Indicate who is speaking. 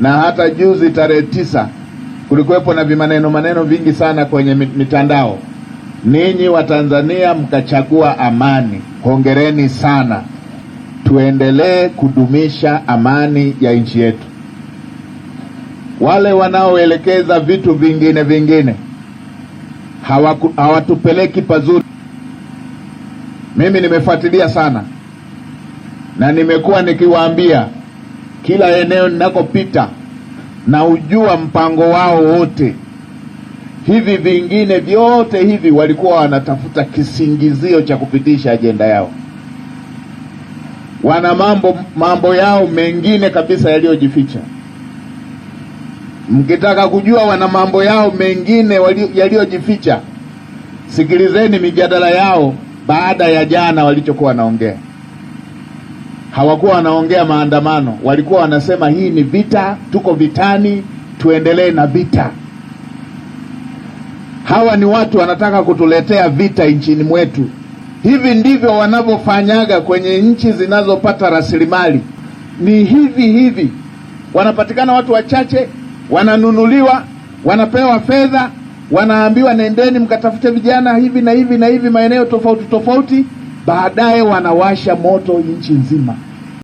Speaker 1: na hata juzi tarehe tisa kulikuwepo na vimaneno maneno vingi sana kwenye mitandao. Ninyi Watanzania mkachagua amani, hongereni sana. Tuendelee kudumisha amani ya nchi yetu. Wale wanaoelekeza vitu vingine vingine hawaku, hawatupeleki pazuri. Mimi nimefuatilia sana na nimekuwa nikiwaambia kila eneo ninakopita na ujua mpango wao wote. Hivi vingine vyote hivi walikuwa wanatafuta kisingizio cha kupitisha ajenda yao. Wana mambo mambo yao mengine kabisa yaliyojificha. Mkitaka kujua wana mambo yao mengine yaliyojificha, sikilizeni mijadala yao baada ya jana walichokuwa wanaongea hawakuwa wanaongea maandamano, walikuwa wanasema hii ni vita, tuko vitani, tuendelee na vita. Hawa ni watu wanataka kutuletea vita nchini mwetu. Hivi ndivyo wanavyofanyaga kwenye nchi zinazopata rasilimali, ni hivi hivi. Wanapatikana watu wachache, wananunuliwa, wanapewa fedha, wanaambiwa nendeni mkatafute vijana hivi na hivi na hivi maeneo tofauti tofauti baadaye wanawasha moto nchi nzima.